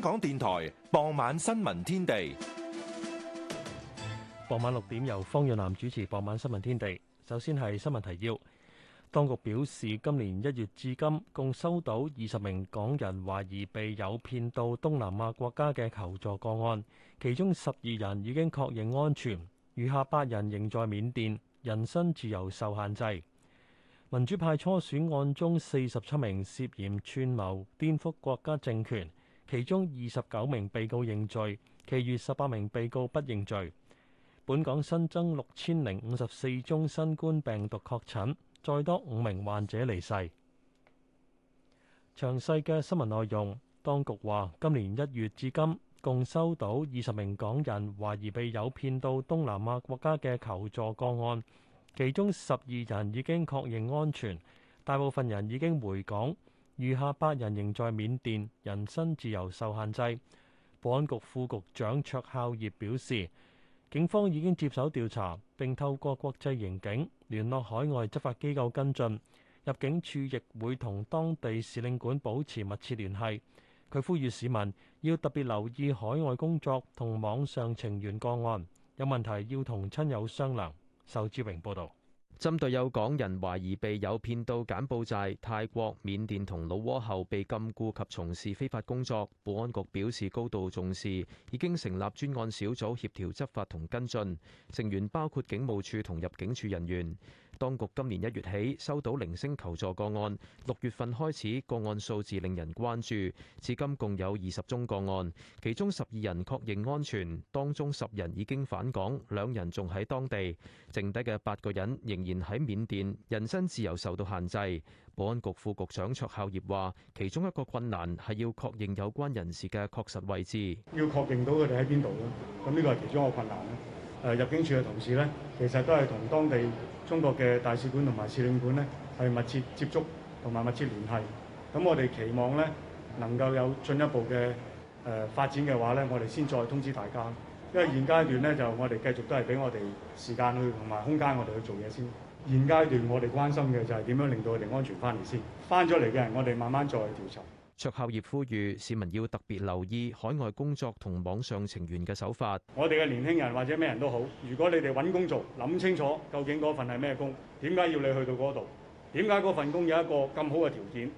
香港電台傍晚新聞天地，傍晚六點由方潤南主持。傍晚新聞天地，首先係新聞提要。當局表示，今年一月至今共收到二十名港人懷疑被誘騙到東南亞國家嘅求助個案，其中十二人已經確認安全，餘下八人仍在緬甸，人身自由受限制。民主派初選案中，四十七名涉嫌串謀顛覆國家政權。其中二十九名被告認罪，其餘十八名被告不認罪。本港新增六千零五十四宗新冠病毒確診，再多五名患者離世。詳細嘅新聞內容，當局話今年一月至今共收到二十名港人懷疑被誘騙到東南亞國家嘅求助個案，其中十二人已經確認安全，大部分人已經回港。餘下八人仍在緬甸，人身自由受限制。保安局副局長卓孝業表示，警方已經接手調查，並透過國際刑警聯絡海外執法機構跟進。入境處亦會同當地使領館保持密切聯繫。佢呼籲市民要特別留意海外工作同網上情緣個案，有問題要同親友商量。仇志榮報導。針對有港人懷疑被誘騙到柬埔寨、泰國、緬甸同老撾後被禁錮及從事非法工作，保安局表示高度重視，已經成立專案小組協調執法同跟進，成員包括警務處同入境處人員。當局今年一月起收到零星求助個案，六月份開始個案數字令人關注，至今共有二十宗個案，其中十二人確認安全，當中十人已經返港，兩人仲喺當地，剩低嘅八個人仍然喺緬甸，人身自由受到限制。保安局副局長卓孝業話：其中一個困難係要確認有關人士嘅確實位置，要確認到佢哋喺邊度咧，咁呢個係其中一個困難咧。誒，入境處嘅同事咧，其實都係同當地中國嘅大使館同埋使領館咧係密切接觸同埋密切聯繫。咁我哋期望咧能夠有進一步嘅誒、呃、發展嘅話咧，我哋先再通知大家。因為現階段咧就我哋繼續都係俾我哋時間去同埋空間，我哋去做嘢先。現階段我哋關心嘅就係點樣令到佢哋安全翻嚟先。翻咗嚟嘅人，我哋慢慢再調查。卓孝業呼籲市民要特別留意海外工作同網上情緣嘅手法。我哋嘅年輕人或者咩人都好，如果你哋揾工做，諗清楚究竟嗰份係咩工，點解要你去到嗰度？點解嗰份工有一個咁好嘅條件，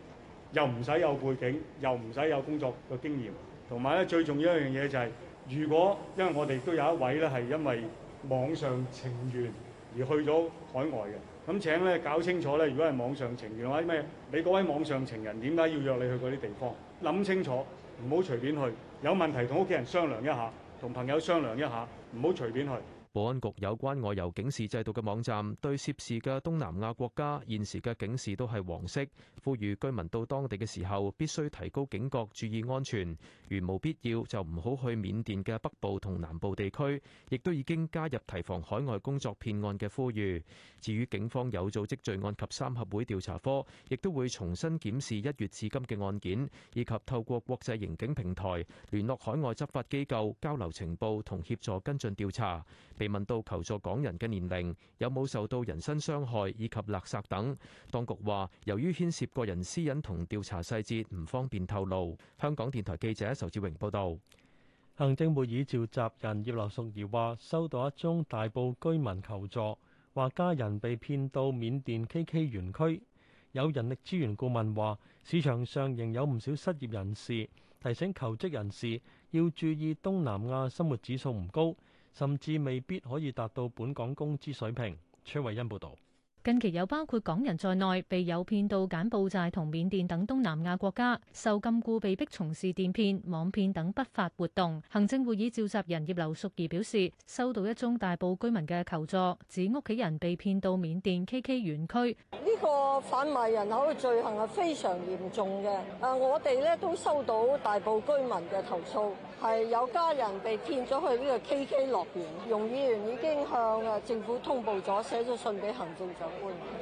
又唔使有背景，又唔使有工作嘅經驗。同埋咧，最重要一樣嘢就係，如果因為我哋都有一位咧係因為網上情緣而去咗海外嘅。咁請咧搞清楚咧，如果係網上情人或者咩，你嗰位網上情人點解要約你去嗰啲地方？諗清楚，唔好隨便去。有問題同屋企人商量一下，同朋友商量一下，唔好隨便去。保安局有關外遊警示制度嘅網站，對涉事嘅東南亞國家現時嘅警示都係黃色，呼籲居民到當地嘅時候必須提高警覺，注意安全。如無必要，就唔好去緬甸嘅北部同南部地區。亦都已經加入提防海外工作騙案嘅呼籲。至於警方有組織罪案及三合會調查科，亦都會重新檢視一月至今嘅案件，以及透過國際刑警平台聯絡海外執法機構，交流情報同協助跟進調查。被問到求助港人嘅年齡，有冇受到人身傷害以及勒索等，當局話由於牽涉個人私隱同調查細節，唔方便透露。香港電台記者仇志榮報道。行政會議召集人葉劉淑儀話：收到一宗大埔居民求助，話家人被騙到緬甸 KK 園區。有人力資源顧問話，市場上仍有唔少失業人士，提醒求職人士要注意東南亞生活指數唔高。甚至未必可以達到本港工資水平。崔慧欣報道。近期有包括港人在內被誘騙到柬埔寨同緬甸等東南亞國家，受禁錮被逼從事電騙、網騙等不法活動。行政會議召集人葉劉淑儀表示，收到一宗大埔居民嘅求助，指屋企人被騙到緬甸 KK 園區。呢個販賣人口嘅罪行係非常嚴重嘅。啊，我哋呢都收到大埔居民嘅投訴，係有家人被騙咗去呢個 KK 樂園。容議員已經向政府通報咗，寫咗信俾行政長。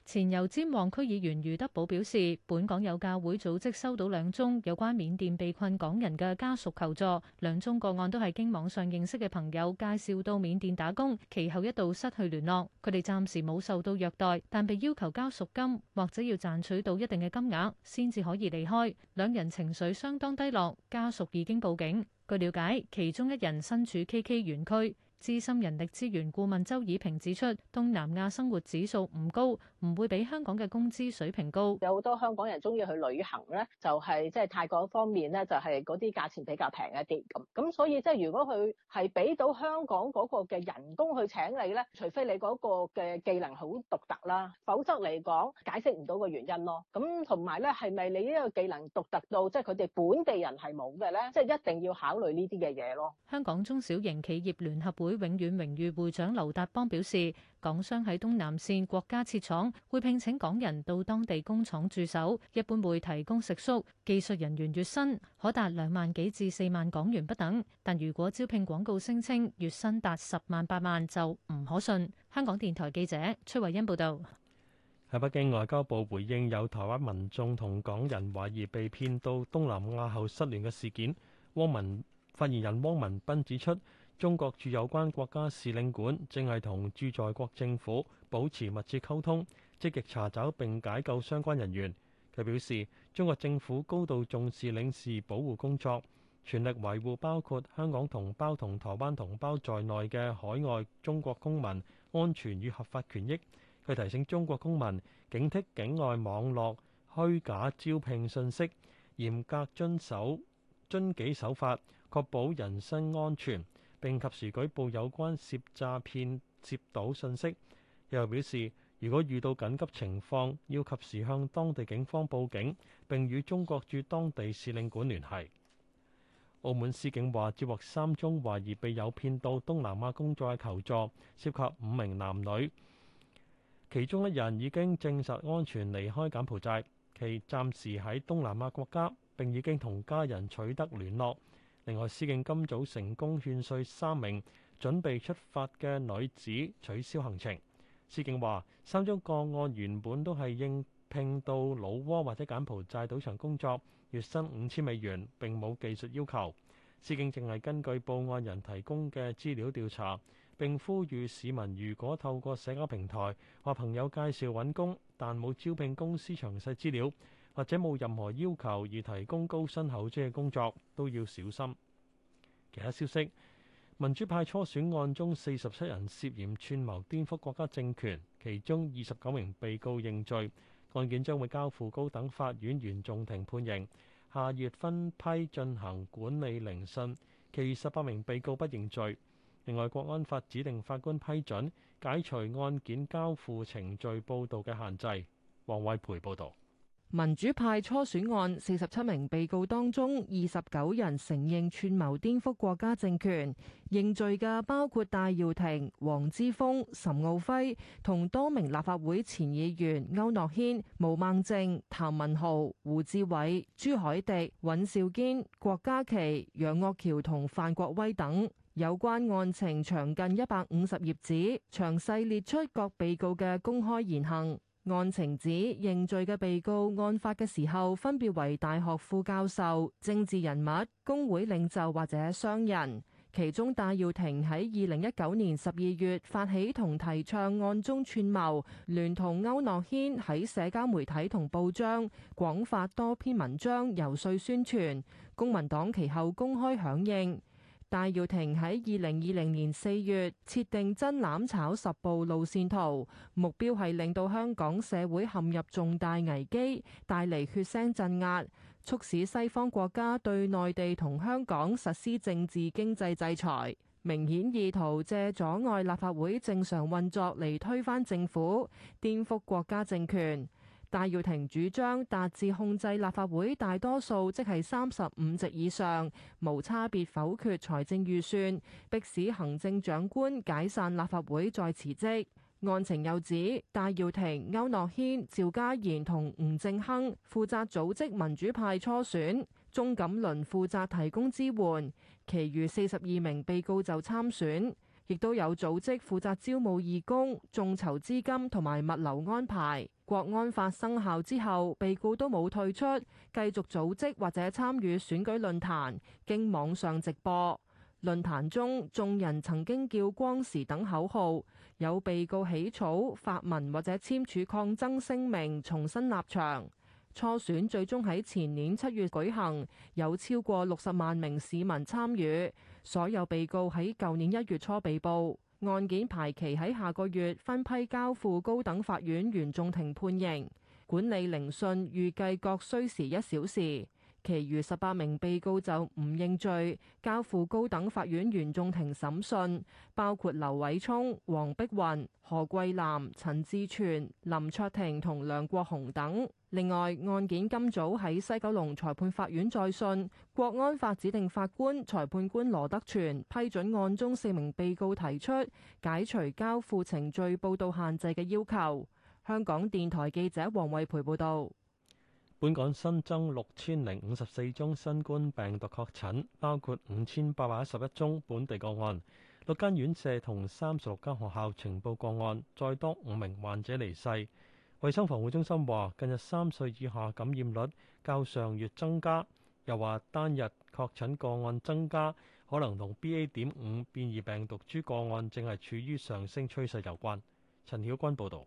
前油尖旺區議員余德寶表示，本港有教會組織收到兩宗有關緬甸被困港人嘅家屬求助，兩宗個案都係經網上認識嘅朋友介紹到緬甸打工，其後一度失去聯絡。佢哋暫時冇受到虐待，但被要求交贖金或者要賺取到一定嘅金額先至可以離開。兩人情緒相當低落，家屬已經報警。據了解，其中一人身處 KK 園區。資深人力資源顧問周以平指出，東南亞生活指數唔高，唔會比香港嘅工資水平高。有好多香港人中意去旅行咧，就係即係泰國方面咧，就係嗰啲價錢比較平一啲咁。咁所以即係、就是、如果佢係俾到香港嗰個嘅人工去請你咧，除非你嗰個嘅技能好獨特啦，否則嚟講解釋唔到個原因咯。咁同埋咧，係咪你呢個技能獨特到即係佢哋本地人係冇嘅咧？即、就、係、是、一定要考慮呢啲嘅嘢咯。香港中小型企業聯合會。會永遠榮譽會長劉達邦表示，港商喺東南亞國家設廠，會聘請港人到當地工廠駐守，一般會提供食宿，技術人員月薪可達兩萬幾至四萬港元不等。但如果招聘廣告聲稱月薪達十萬八萬，就唔可信。香港電台記者崔慧欣報道。喺北京外交部回應有台灣民眾同港人懷疑被騙到東南亞後失聯嘅事件，汪文發言人汪文斌指出。中國駐有關國家使領館正係同駐在國政府保持密切溝通，積極查找並解救相關人員。佢表示，中國政府高度重視領事保護工作，全力維護包括香港同胞同台灣同胞在內嘅海外中國公民安全與合法權益。佢提醒中國公民警惕境外網絡虛假招聘信息，嚴格遵守遵紀守法，確保人身安全。並及時舉報有關涉詐騙、涉賭信息。又表示，如果遇到緊急情況，要及時向當地警方報警，並與中國駐當地使領館聯繫。澳門司警話，接獲三宗懷疑被誘騙到東南亞工作嘅求助，涉及五名男女，其中一人已經證實安全離開柬埔寨，其暫時喺東南亞國家，並已經同家人取得聯絡。另外，司警今早成功勸説三名準備出發嘅女子取消行程。司警話：三宗個案原本都係應聘到老撾或者柬埔寨賭場工作，月薪五千美元，並冇技術要求。司警淨係根據報案人提供嘅資料調查，並呼籲市民如果透過社交平台或朋友介紹揾工，但冇招聘公司詳細資料。或者冇任何要求而提供高薪厚職嘅工作都要小心。其他消息：民主派初選案中，四十七人涉嫌串謀顛覆國家政權，其中二十九名被告認罪，案件將會交付高等法院原訟庭判刑。下月分批進行管理聆訊，其餘十八名被告不認罪。另外，國安法指定法官批准解除案件交付程序報道嘅限制。王偉培報道。民主派初選案，四十七名被告當中，二十九人承認串謀顛覆國家政權，認罪嘅包括戴耀廷、黃之鋒、岑敖暉同多名立法會前議員區諾軒、毛孟靜、譚文豪、胡志偉、朱凱迪、尹兆堅、郭家麒、楊岳橋同范國威等。有關案情長近一百五十頁紙，詳細列出各被告嘅公開言行。案情指，認罪嘅被告案發嘅時候分別為大學副教授、政治人物、工會領袖或者商人。其中戴耀廷喺二零一九年十二月發起同提倡案中串謀，聯同歐諾軒喺社交媒體同報章廣發多篇文章游說宣傳，公民黨其後公開響應。戴耀廷喺二零二零年四月設定真攬炒十步路線圖，目標係令到香港社會陷入重大危機，帶嚟血腥鎮壓，促使西方國家對內地同香港實施政治經濟制裁，明顯意圖借阻礙立法會正常運作嚟推翻政府，顛覆國家政權。戴耀廷主張達至控制立法會大多數，即係三十五席以上，無差別否決財政預算，迫使行政長官解散立法會再辭職。案情又指戴耀廷、歐諾軒、趙家賢同吳正亨負責組織民主派初選，鍾錦麟負責提供支援，其餘四十二名被告就參選。亦都有組織負責招募義工、眾籌資金同埋物流安排。國安法生效之後，被告都冇退出，繼續組織或者參與選舉論壇，經網上直播。論壇中，眾人曾經叫光時等口號，有被告起草發文或者簽署抗爭聲明，重新立場。初選最終喺前年七月舉行，有超過六十萬名市民參與。所有被告喺舊年一月初被捕，案件排期喺下個月分批交付高等法院原訟庭判刑。管理聆訊預計各需時一小時。其餘十八名被告就唔認罪，交付高等法院原訟庭審訊，包括劉偉聰、黃碧雲、何桂南、陳志全、林卓廷同梁國雄等。另外，案件今早喺西九龍裁判法院再訊，國安法指定法官裁判官羅德全批准案中四名被告提出解除交付程序報道限制嘅要求。香港電台記者王慧培報導。本港新增六千零五十四宗新冠病毒確診，包括五千八百一十一宗本地個案。六間院舍同三十六間學校呈報個案，再多五名患者離世。衛生防護中心話，近日三歲以下感染率較上月增加，又話單日確診個案增加，可能同 BA. 點五變異病毒株個案正係處於上升趨勢有關。陳曉君報道。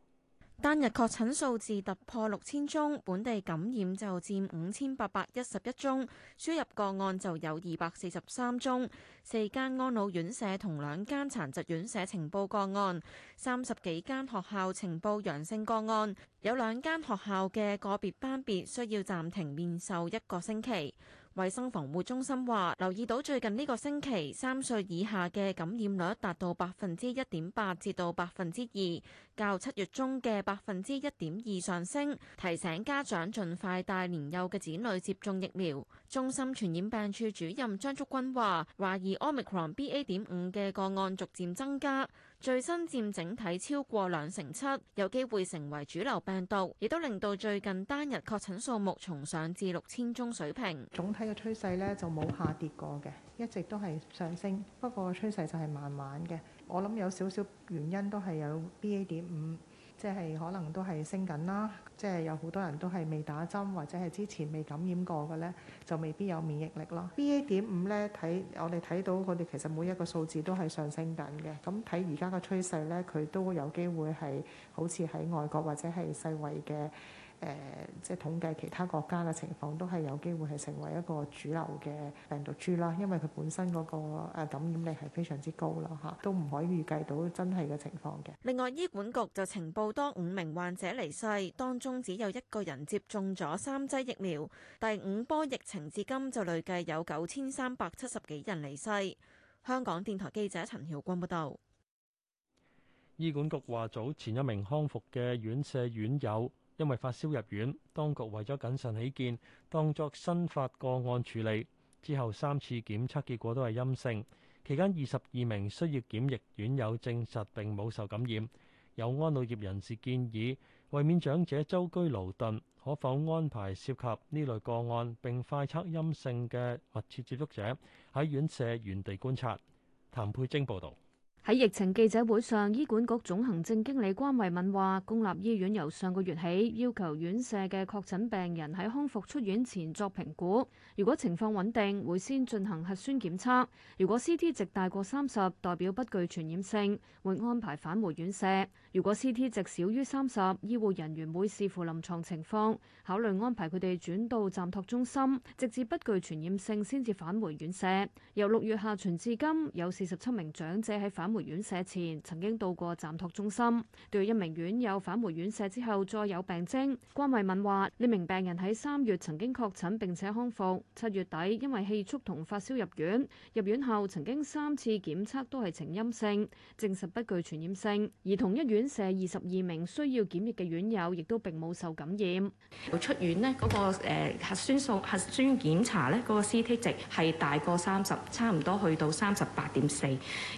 單日確診數字突破六千宗，本地感染就佔五千八百一十一宗，輸入個案就有二百四十三宗。四間安老院舍同兩間殘疾院舍呈報個案，三十幾間學校呈報陽性個案，有兩間學校嘅個別班別需要暫停面授一個星期。衛生防護中心話，留意到最近呢個星期，三歲以下嘅感染率達到百分之一點八至到百分之二，較七月中嘅百分之一點二上升，提醒家長盡快帶年幼嘅子女接種疫苗。中心傳染病處主任張竹君話，懷疑 Omicron BA.5 嘅個案逐漸增加。最新佔整體超過兩成七，有機會成為主流病毒，亦都令到最近單日確診數目重上至六千宗水平。總體嘅趨勢呢，就冇下跌過嘅，一直都係上升，不過趨勢就係慢慢嘅。我諗有少少原因都係有 B A 點五。即係可能都係升緊啦，即係有好多人都係未打針或者係之前未感染過嘅咧，就未必有免疫力咯。BA. 點五咧，睇我哋睇到佢哋其實每一個數字都係上升緊嘅，咁睇而家嘅趨勢咧，佢都有機會係好似喺外國或者係世衛嘅。誒、呃、即係統計其他國家嘅情況，都係有機會係成為一個主流嘅病毒株啦。因為佢本身嗰個感染力係非常之高啦，嚇都唔可以預計到真係嘅情況嘅。另外，醫管局就情報多五名患者離世，當中只有一個人接種咗三劑疫苗。第五波疫情至今就累計有九千三百七十幾人離世。香港電台記者陳曉軍報道。醫管局話：早前一名康復嘅院舍院友。因為發燒入院，當局為咗謹慎起見，當作新發個案處理。之後三次檢測結果都係陰性，期間二十二名需要檢疫院友證實並冇受感染。有安老業人士建議，為免長者周居勞頓，可否安排涉及呢類個案並快測陰性嘅密切接觸者喺院舍原地觀察。譚佩晶報導。喺疫情記者會上，醫管局總行政經理關慧敏話，公立醫院由上個月起要求院舍嘅確診病人喺康復出院前作評估，如果情況穩定，會先進行核酸檢測，如果 CT 值大過三十，代表不具傳染性，會安排返回院舍。如果 CT 值少於三十，醫護人員會視乎臨牀情況，考慮安排佢哋轉到暫托中心，直至不具傳染性先至返回院舍。由六月下旬至今，有四十七名長者喺返回院舍前曾經到過暫托中心，對一名院友返回院舍之後再有病徵。關惠敏話：呢名病人喺三月曾經確診並且康復，七月底因為氣促同發燒入院，入院後曾經三次檢測都係呈陰性，證實不具傳染性。而同一院院舍二十二名需要檢疫嘅院友，亦都並冇受感染。出院呢嗰、那個誒、呃、核酸素核酸檢查咧，嗰、那個 CT 值係大過三十，差唔多去到三十八點四。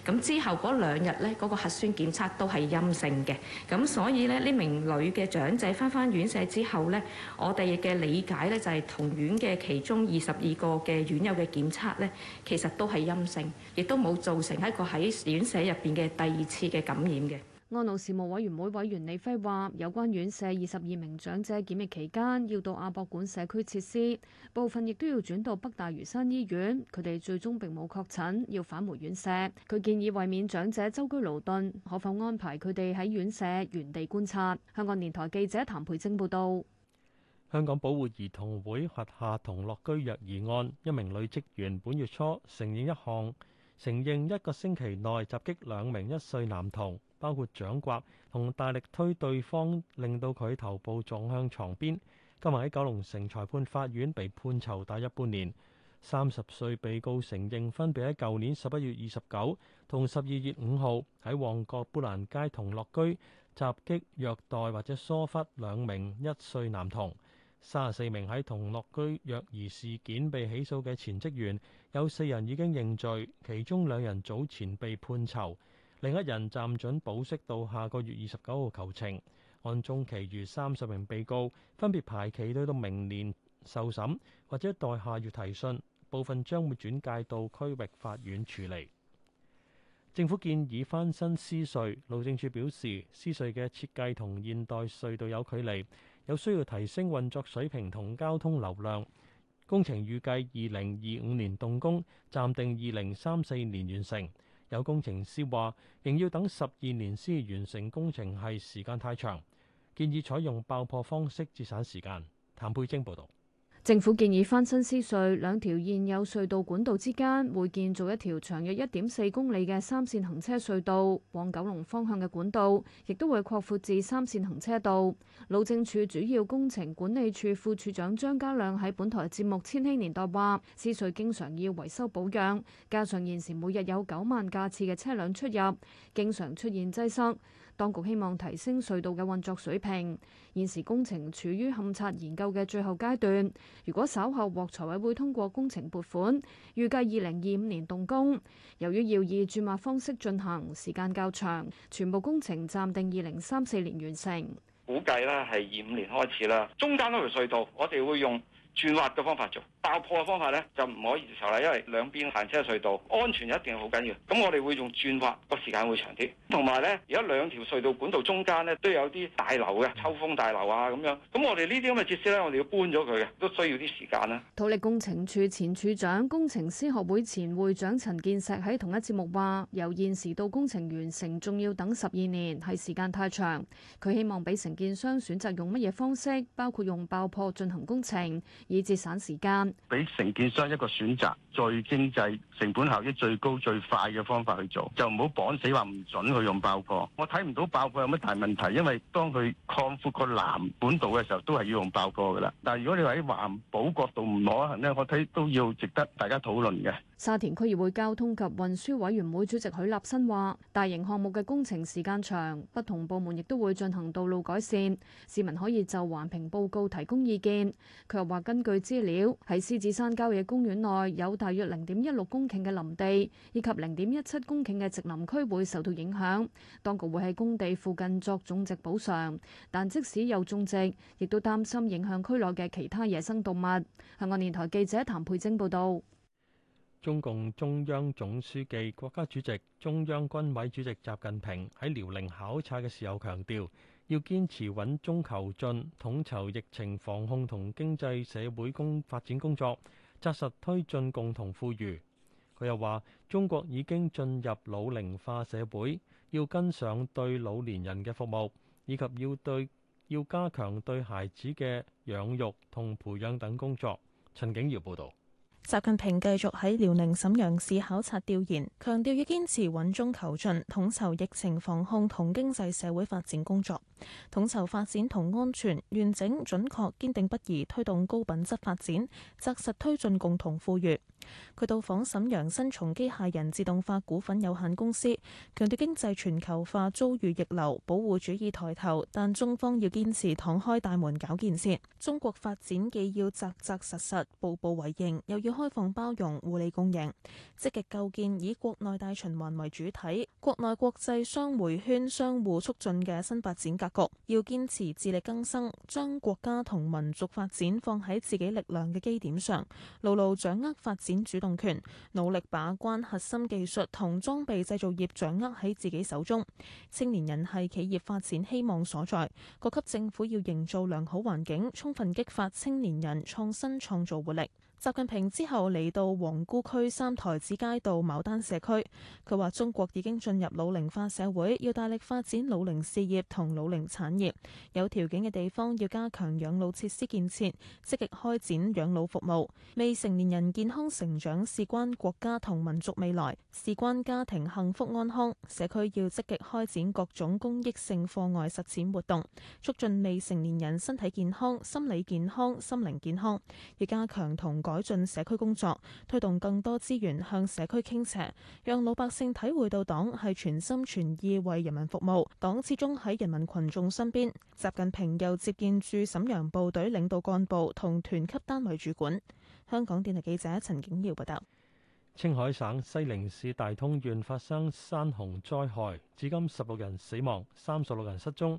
咁之後嗰兩日咧，嗰、那個核酸檢測都係陰性嘅。咁所以咧，呢名女嘅長者翻翻院舍之後咧，我哋嘅理解咧就係、是、同院嘅其中二十二個嘅院友嘅檢測咧，其實都係陰性，亦都冇造成一個喺院舍入邊嘅第二次嘅感染嘅。安老事務委員會委員李輝話，有關院舍二十二名長者檢疫期間，要到亞博館社區設施，部分亦都要轉到北大嶼山醫院。佢哋最終並冇確診，要返回院舍。佢建議為免長者周居勞頓，可否安排佢哋喺院舍原地觀察？香港電台記者譚培晶報道。香港保護兒童會轄下童樂居虐兒案，一名女職員本月初承認一項承認，一個星期內襲擊兩名一歲男童。包括掌摑同大力推對方，令到佢頭部撞向床邊，今日喺九龍城裁判法院被判囚，大約半年。三十歲被告承認分別喺舊年十一月二十九同十二月五號喺旺角砵蘭街同樂居襲擊虐待或者疏忽兩名一歲男童。三十四名喺同樂居虐兒事件被起訴嘅前職員有四人已經認罪，其中兩人早前被判囚。另一人暫准保釋到下個月二十九號求情，案中其餘三十名被告分別排期到明年受審，或者待下月提訊，部分將會轉介到區域法院處理。政府建議翻新獅隧，路政署表示，獅隧嘅設計同現代隧道有距離，有需要提升運作水平同交通流量。工程預計二零二五年動工，暫定二零三四年完成。有工程師話，仍要等十二年先完成工程係時間太長，建議採用爆破方式節省時間。譚佩晶報導。政府建議翻新獅隧兩條現有隧道管道之間，會建造一條長約一點四公里嘅三線行車隧道，往九龍方向嘅管道亦都會擴闊至三線行車道。路政署主要工程管理處副處長張家亮喺本台節目《千禧年代》話：獅隧經常要維修保養，加上現時每日有九萬架次嘅車輛出入，經常出現擠塞。當局希望提升隧道嘅運作水平，現時工程處於勘察研究嘅最後階段。如果稍後獲財委會通過工程撥款，預計二零二五年動工。由於要以鑽挖方式進行，時間較長，全部工程暫定二零三四年完成。估計呢係二五年開始啦，中間嗰條隧道我哋會用。鑽挖嘅方法做爆破嘅方法呢，就唔可以接受啦，因為兩邊行車隧道安全一定好緊要。咁我哋會用鑽挖，個時間會長啲，同埋呢，而家兩條隧道管道中間呢，都有啲大樓嘅抽風大樓啊咁樣。咁我哋呢啲咁嘅設施呢，我哋要搬咗佢嘅，都需要啲時間啦。土力工程處前處長、工程師學會前會長陳建石喺同一節目話：由現時到工程完成，仲要等十二年，係時間太長。佢希望俾承建商選擇用乜嘢方式，包括用爆破進行工程。以節省時間，俾承建商一個選擇最經濟、成本效益最高、最快嘅方法去做，就唔好綁死話唔準去用爆破。我睇唔到爆破有乜大問題，因為當佢擴闊個南本島嘅時候，都係要用爆破噶啦。但係如果你話喺環保角度唔可行咧，我睇都要值得大家討論嘅。沙田區議會交通及運輸委員會主席許立新話：大型項目嘅工程時間長，不同部門亦都會進行道路改善，市民可以就環評報告提供意見。佢又話：根據資料，喺獅子山郊野公園內有大約零點一六公頃嘅林地，以及零點一七公頃嘅植林區會受到影響。當局會喺工地附近作種植補償，但即使有種植，亦都擔心影響區內嘅其他野生動物。香港電台記者譚佩晶報導。中共中央總書記、國家主席、中央軍委主席習近平喺遼寧考察嘅時候強調，要堅持穩中求進，統籌疫情防控同經濟社會工發展工作，紮實推進共同富裕。佢又話，中國已經進入老齡化社會，要跟上對老年人嘅服務，以及要對要加強對孩子嘅養育同培養等工作。陳景耀報道。習近平繼續喺遼寧瀋陽市考察調研，強調要堅持穩中求進，統籌疫情防控同經濟社會發展工作，統籌發展同安全，完整、準確、堅定不移，推動高品質發展，扎實推進共同富裕。佢到訪瀋陽新松機械人自動化股份有限公司，強調經濟全球化遭遇逆流，保護主義抬頭，但中方要堅持敞開大門搞建設。中國發展既要紮紮實實、步步為營，又要開放包容、互利共贏，積極構建以國內大循環為主體、國內國際雙回圈相互促進嘅新發展格局。要堅持自力更生，將國家同民族發展放喺自己力量嘅基點上，牢牢掌握發展。主動權，努力把關核心技術同裝備製造業掌握喺自己手中。青年人係企業發展希望所在，各級政府要營造良好環境，充分激發青年人創新創造活力。習近平之後嚟到皇姑區三台子街道牡丹社區，佢話：中國已經進入老齡化社會，要大力發展老齡事業同老齡產業，有條件嘅地方要加強養老設施建設，積極開展養老服務。未成年人健康成長事關國家同民族未來，事關家庭幸福安康，社區要積極開展各種公益性課外實踐活動，促進未成年人身體健康、心理健康、心靈健，健康，要加強同。改進社區工作，推動更多資源向社區傾斜，讓老百姓體會到黨係全心全意為人民服務，黨始終喺人民群眾身邊。習近平又接見駐沈陽部隊領導幹部同團級單位主管。香港電台記者陳景耀報道。青海省西寧市大通縣發生山洪災害，至今十六人死亡，三十六人失蹤。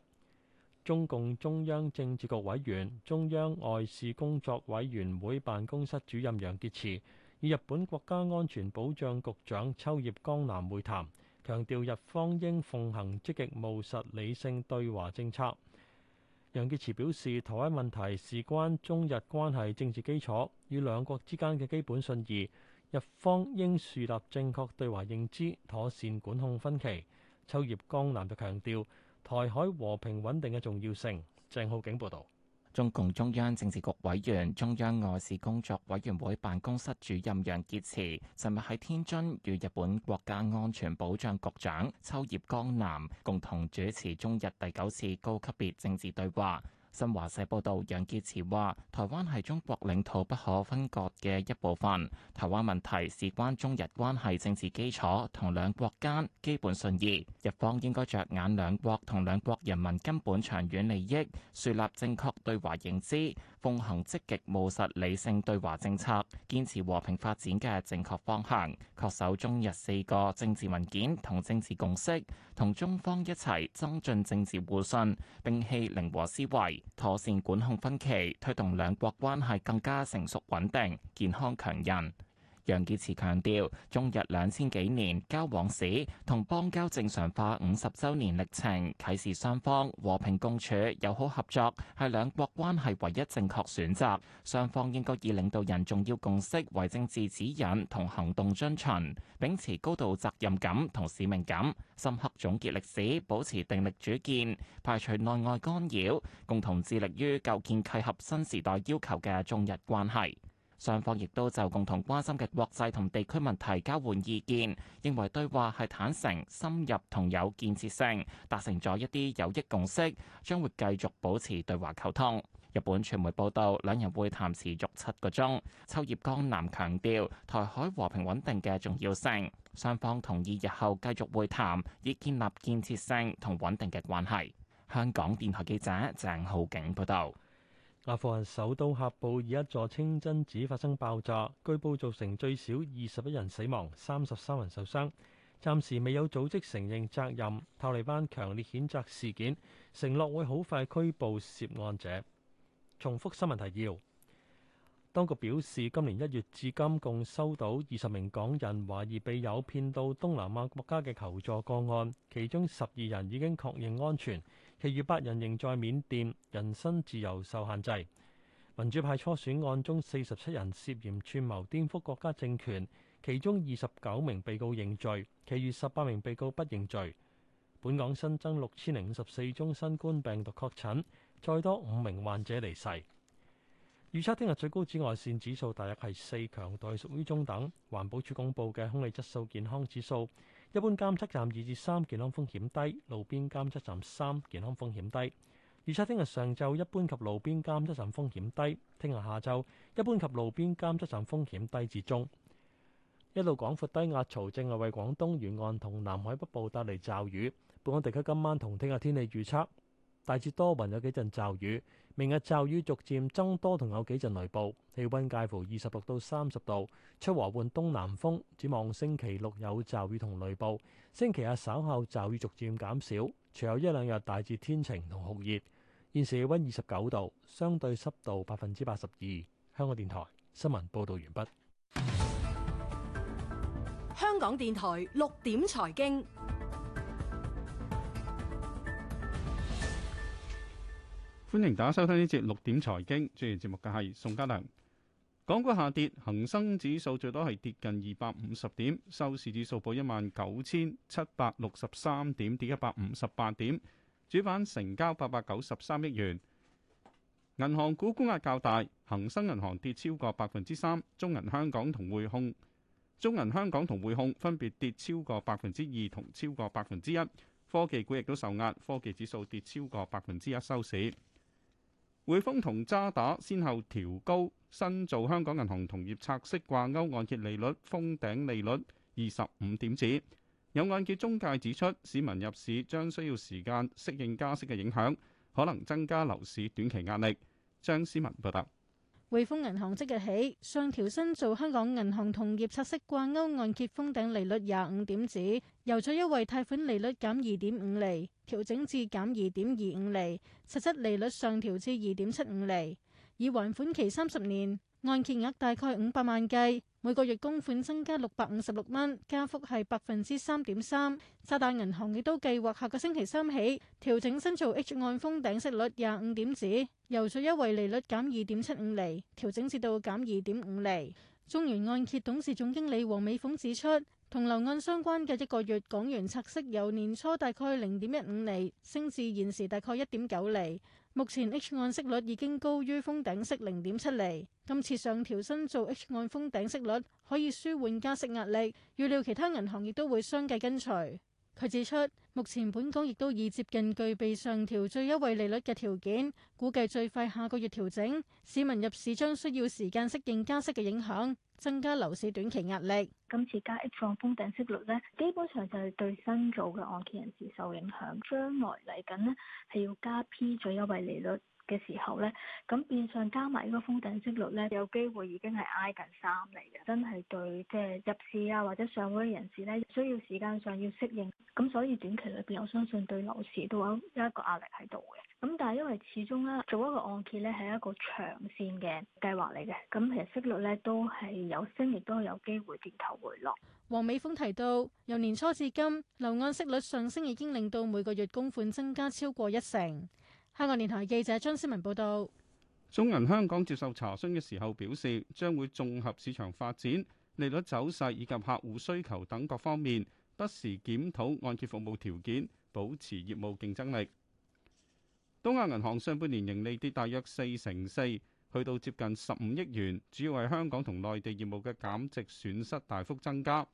中共中央政治局委員、中央外事工作委員會辦公室主任楊潔篪與日本國家安全保障局長秋葉江南會談，強調日方應奉行積極務實理性對華政策。楊潔篪表示，台灣問題事關中日關係政治基礎與兩國之間嘅基本信義，日方應樹立正確對華認知，妥善管控分歧。秋葉江南就強調台海和平穩定嘅重要性。鄭浩景報道，中共中央政治局委員、中央外事工作委員會辦公室主任楊潔篪，尋日喺天津與日本國家安全保障局長秋葉剛男共同主持中日第九次高級別政治對話。新華社報道，楊潔篪話台灣係中國領土不可分割嘅一部分。台灣問題事關中日關係政治基礎同兩國間基本信義，日方應該着眼兩國同兩國人民根本長遠利益，樹立正確對華認知，奉行積極務實理性對華政策，堅持和平發展嘅正確方向，確守中日四個政治文件同政治共識，同中方一齊增進政治互信，摒棄零和思維，妥善管控分歧，推動兩國關係更加成熟穩定、健康強韌。楊潔篪強調，中日兩千幾年交往史同邦交正常化五十週年歷程，啟示雙方和平共處、友好合作，係兩國關係唯一正確選擇。雙方應該以領導人重要共識為政治指引同行動遵循，秉持高度責任感同使命感，深刻總結歷史，保持定力主見，排除內外干擾，共同致力於構建契合新時代要求嘅中日關係。雙方亦都就共同關心嘅國際同地區問題交換意見，認為對話係坦誠、深入同有建設性，達成咗一啲有益共識，將會繼續保持對話溝通。日本傳媒報道，兩人會談持續七個鐘。秋葉江南強調台海和平穩定嘅重要性，雙方同意日後繼續會談，以建立建設性同穩定嘅關係，香港電台記者鄭浩景報道。阿富汗首都喀布爾一座清真寺發生爆炸，據報造成最少二十一人死亡、三十三人受傷。暫時未有組織承認責任。塔利班強烈譴責事件，承諾會好快拘捕涉案者。重複新聞提要：當局表示，今年一月至今共收到二十名港人懷疑被誘騙到東南亞國家嘅求助個案，其中十二人已經確認安全。其餘八人仍在緬甸，人身自由受限制。民主派初選案中，四十七人涉嫌串謀顛覆國家政權，其中二十九名被告認罪，其餘十八名被告不認罪。本港新增六千零五十四宗新冠病毒確診，再多五名患者離世。預測聽日最高紫外綫指數大約係四，強度屬於中等。環保署公佈嘅空氣質素健康指數。一般監測站二至三健康風險低，路邊監測站三健康風險低。預測聽日上晝一般及路邊監測站風險低，聽日下晝一般及路邊監測站風險低至中。一道廣闊低壓槽正係為廣東沿岸同南海北部帶嚟驟雨。本港地區今晚同聽日天氣預測。大致多雲，雲有幾陣驟雨。明日驟雨逐漸增多，同有幾陣雷暴。氣溫介乎二十六到三十度，出和緩東南風。展望星期六有驟雨同雷暴，星期日稍後驟雨逐漸減少，隨後一兩日大致天晴同酷熱。現時氣溫二十九度，相對濕度百分之八十二。香港電台新聞報道完畢。香港電台六點財經。歡迎大家收聽呢節六點財經。主持節目嘅係宋家良。港股下跌，恒生指數最多係跌近二百五十點，收市指數報一萬九千七百六十三點，跌一百五十八點。主板成交八百九十三億元。銀行股沽壓較大，恒生銀行跌超過百分之三，中銀香港同匯控、中銀香港同匯控分別跌超過百分之二同超過百分之一。科技股亦都受壓，科技指數跌超過百分之一，收市。匯豐同渣打先後調高新造香港銀行同業拆息掛鈎按揭利率封頂利率二十五點子，有按揭中介指出，市民入市將需要時間適應加息嘅影響，可能增加樓市短期壓力，張思文報道。匯豐銀行即日起上調新造香港銀行同業拆息掛鈎按揭封頂利率廿五點子，由最優惠貸款利率減二點五厘，調整至減二點二五厘，實質利率上調至二點七五厘，以還款期三十年。按揭額大概五百萬計，每個月供款增加六百五十六蚊，加幅係百分之三點三。渣打銀行亦都計劃下個星期三起調整新造 H 按封頂息率廿五點子，由最優惠利率減二點七五厘，調整至到減二點五厘。中原按揭董事總經理王美鳳指出，同流按相關嘅一個月港元拆息由年初大概零點一五厘升至現時大概一點九厘。目前 H 按息率已經高於封頂息零點七厘。今次上調新造 H 按封頂息率可以舒緩加息壓力。預料其他銀行亦都會相繼跟隨。佢指出，目前本港亦都已接近具備上調最優惠利率嘅條件，估計最快下個月調整。市民入市將需要時間適應加息嘅影響。增加樓市短期壓力。今次加一放封頂息率咧，基本上就係對新組嘅按揭人士受影響。將來嚟緊咧，係要加 P 最優惠利率嘅時候咧，咁變相加埋呢個封頂息率咧，有機會已經係挨近三釐嘅，真係對即係、就是、入市啊或者上位人士咧，需要時間上要適應。咁所以短期裏邊，我相信對樓市都有一個壓力喺度嘅。咁但係因為始終咧做一個按揭咧係一個長線嘅計劃嚟嘅，咁其實息率咧都係有升，亦都有機會跌頭回落。黃美峰提到，由年初至今，樓按息率上升已經令到每個月供款增加超過一成。香港電台記者張思文報道，中銀香港接受查詢嘅時候表示，將會綜合市場發展、利率走勢以及客戶需求等各方面，不時檢討按揭服務條件，保持業務競爭力。東亞銀行上半年盈利跌大約四成四，去到接近十五億元，主要係香港同內地業務嘅減值損失大幅增加。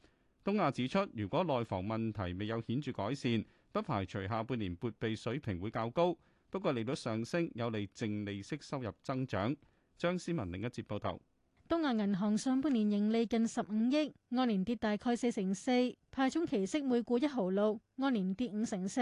東亞指出，如果內房問題未有顯著改善，不排除下半年撥備水平會較高。不過利率上升有利淨利息收入增長。張思文另一節報道，東亞銀行上半年盈利近十五億，按年跌大概四成四，派中期息每股一毫六，按年跌五成四。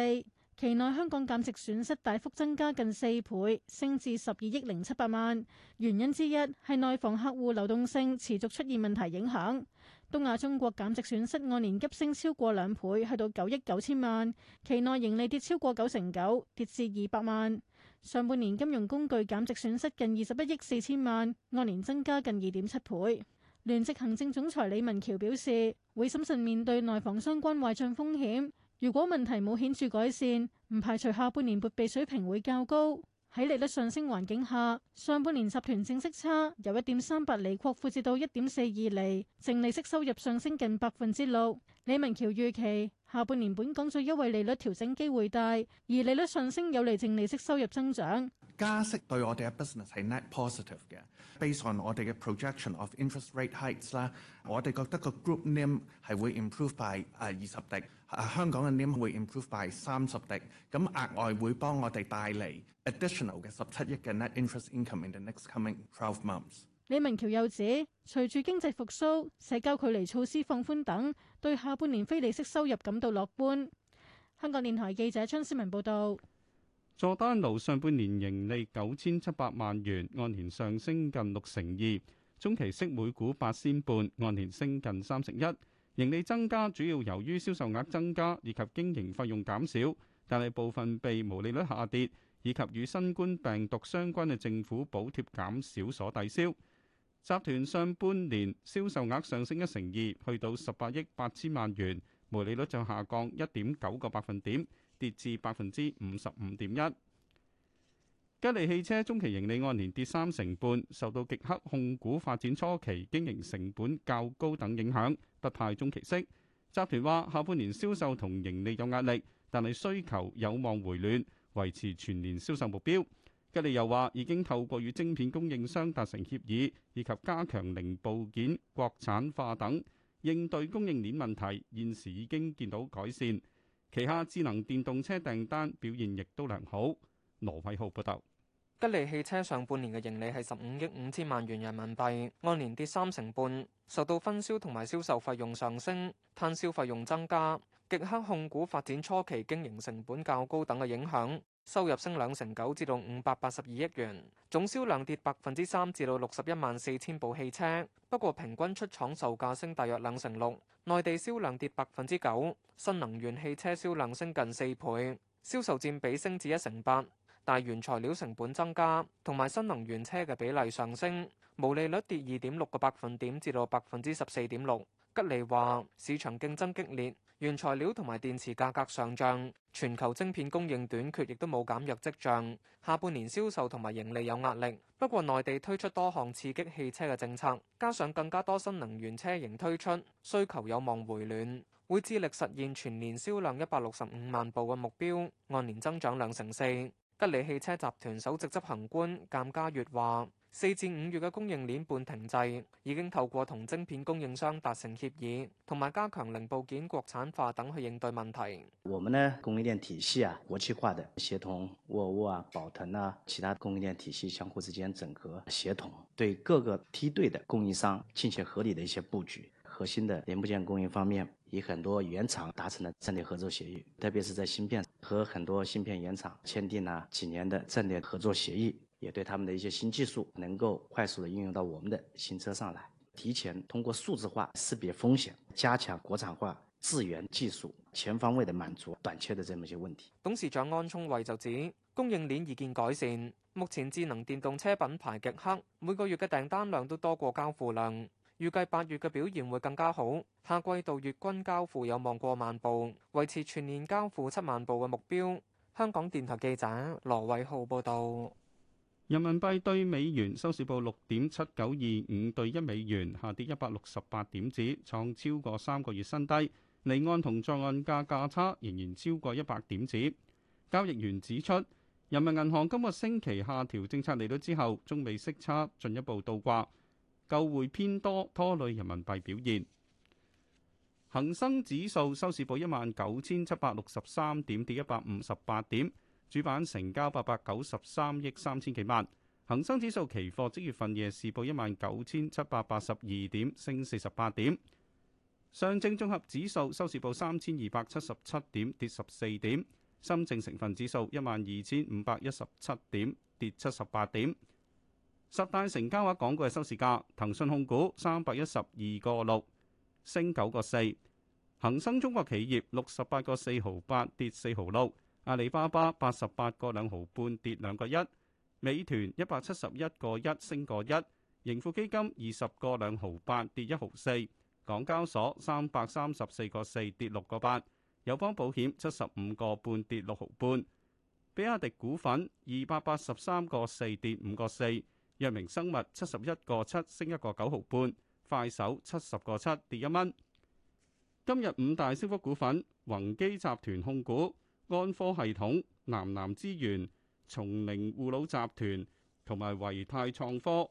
期內香港減值損失大幅增加近四倍，升至十二億零七百萬。原因之一係內房客戶流動性持續出現問題影響。東亞中國減值損失按年急升超過兩倍，去到九億九千萬，期內盈利跌超過九成九，跌至二百萬。上半年金融工具減值損失近二十一億四千萬，按年增加近二點七倍。聯席行政總裁李文橋表示，會審慎面對內房相關壞賬風險。如果問題冇顯著改善，唔排除下半年撥備水平會較高。喺利率上升環境下，上半年集團淨息差由一點三八釐擴闊至到一點四二釐，淨利息收入上升近百分之六。李文橋預期下半年本港最優惠利率調整機會大，而利率上升有利淨利息收入增長。加息對我哋嘅 business 係 net positive 嘅，Based on 我哋嘅 projection of interest rate heights 啦，我哋覺得個 group NIM 係會 improve by 誒二十滴，香港嘅 NIM 會 improve by 三十滴，咁額外會幫我哋帶嚟 additional 嘅十七億嘅 net interest income in the next coming twelve months。李明橋又指，隨住經濟復甦、社交距離措施放寬等，對下半年非利息收入感到樂觀。香港電台記者張思文報道，佐丹奴上半年盈利九千七百萬元，按年上升近六成二，中期息每股八仙半，按年升近三成一。盈利增加主要由於銷售額增加以及經營費用減少，但係部分被毛利率下跌，以及與新冠病毒相關嘅政府補貼減少所抵消，集團上半年銷售額上升一成二，去到十八億八千萬元，毛利率就下降一點九個百分點，跌至百分之五十五點一。吉利汽車中期盈利按年跌三成半，受到極氪控股發展初期經營成本較高等影響，不派中期息。集團話下半年銷售同盈利有壓力，但係需求有望回暖。維持全年銷售目標。吉利又話已經透過與晶片供應商達成協議，以及加強零部件國產化等，應對供應鏈問題。現時已經見到改善。旗下智能電動車訂單表現亦都良好。羅偉浩報道。吉利汽車上半年嘅盈利係十五億五千萬元人民幣，按年跌三成半，受到分銷同埋銷售費用上升、攤銷費用增加，極氪控股發展初期經營成本較高等嘅影響，收入升兩成九，至到五百八十二億元，總銷量跌百分之三，至到六十一萬四千部汽車。不過平均出廠售價升大約兩成六，內地銷量跌百分之九，新能源汽車銷量升近四倍，銷售占比升至一成八。但原材料成本增加，同埋新能源車嘅比例上升，毛利率跌二點六個百分點，至到百分之十四點六。吉利話市場競爭激烈。原材料同埋電池價格上漲，全球晶片供應短缺亦都冇減弱跡象。下半年銷售同埋盈利有壓力，不過內地推出多項刺激汽車嘅政策，加上更加多新能源車型推出，需求有望回暖，會致力實現全年銷量一百六十五萬部嘅目標，按年增長兩成四。吉利汽車集團首席執行官淦家閱話。四至五月嘅供應鏈半停滯，已經透過同晶片供應商達成協議，同埋加強零部件國產化等去應對問題。我們呢供應鏈體系啊，國際化的協同沃爾沃啊、寶騰啊，其他供應鏈體系相互之間整合協同，對各個梯隊的供應商進行合理的一些布局。核心的零部件供應方面，與很多原廠達成了戰略合作協議，特別是在芯片，和很多芯片原廠簽訂了幾年的戰略合作協議。也對他們的一些新技術能夠快速的應用到我們的新車上來，提前通過數字化識別風險，加強國產化資源技術，全方位的滿足短缺的這麼些問題。董事長安聰慧就指，供應鏈已見改善，目前智能電動車品牌極黑，每個月嘅訂單量都多過交付量，預計八月嘅表現會更加好，下季度月均交付有望過萬部，維持全年交付七萬部嘅目標。香港電台記者羅偉浩報道。人民幣對美元收市報六點七九二五對一美元，下跌一百六十八點子，創超過三個月新低。離岸同在岸價價差仍然超過一百點子。交易員指出，人民銀行今個星期下調政策利率之後，中美息差進一步倒掛，救匯偏多拖累人民幣表現。恒生指數收市報一萬九千七百六十三點，跌一百五十八點。主板成交八百九十三億三千幾萬，恒生指數期貨即月份夜市報一萬九千七百八十二點，升四十八點。上證綜合指數收市報三千二百七十七點，跌十四點。深證成分指數一萬二千五百一十七點，跌七十八點。十大成交額港股嘅收市價，騰訊控股三百一十二個六，升九個四。恒生中國企業六十八個四毫八，跌四毫六。阿里巴巴八十八個兩毫半跌兩個一，美團一百七十一個一升個一，盈富基金二十個兩毫八跌一毫四，港交所三百三十四個四跌六個八，友邦保險七十五個半跌六毫半，比亞迪股份二百八十三個四跌五個四，藥明生物七十一個七升一個九毫半，快手七十個七跌一蚊。今日五大升幅股份：宏基集團控股。安科系統、南南資源、松陵護老集團同埋維泰創科。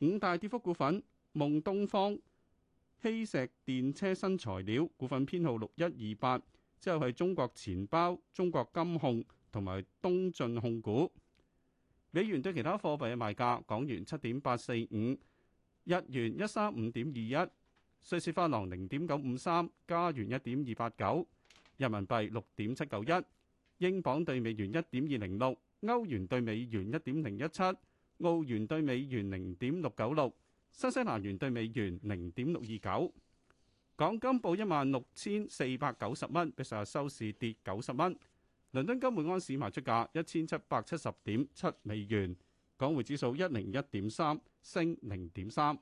五大跌幅股份，夢東方、希石電車新材料股份編號六一二八，之後係中國錢包、中國金控同埋東進控股。美元對其他貨幣嘅賣價：港元七點八四五，日元一三五點二一，瑞士法郎零點九五三，加元一點二八九。人民幣六點七九一，英鎊兌美元一點二零六，歐元兌美元一點零一七，澳元兌美元零點六九六，新西蘭元兌美元零點六二九。港金報一萬六千四百九十蚊，比上日收市跌九十蚊。倫敦金每盎司賣出價一千七百七十點七美元，港匯指數一零一點三，升零點三。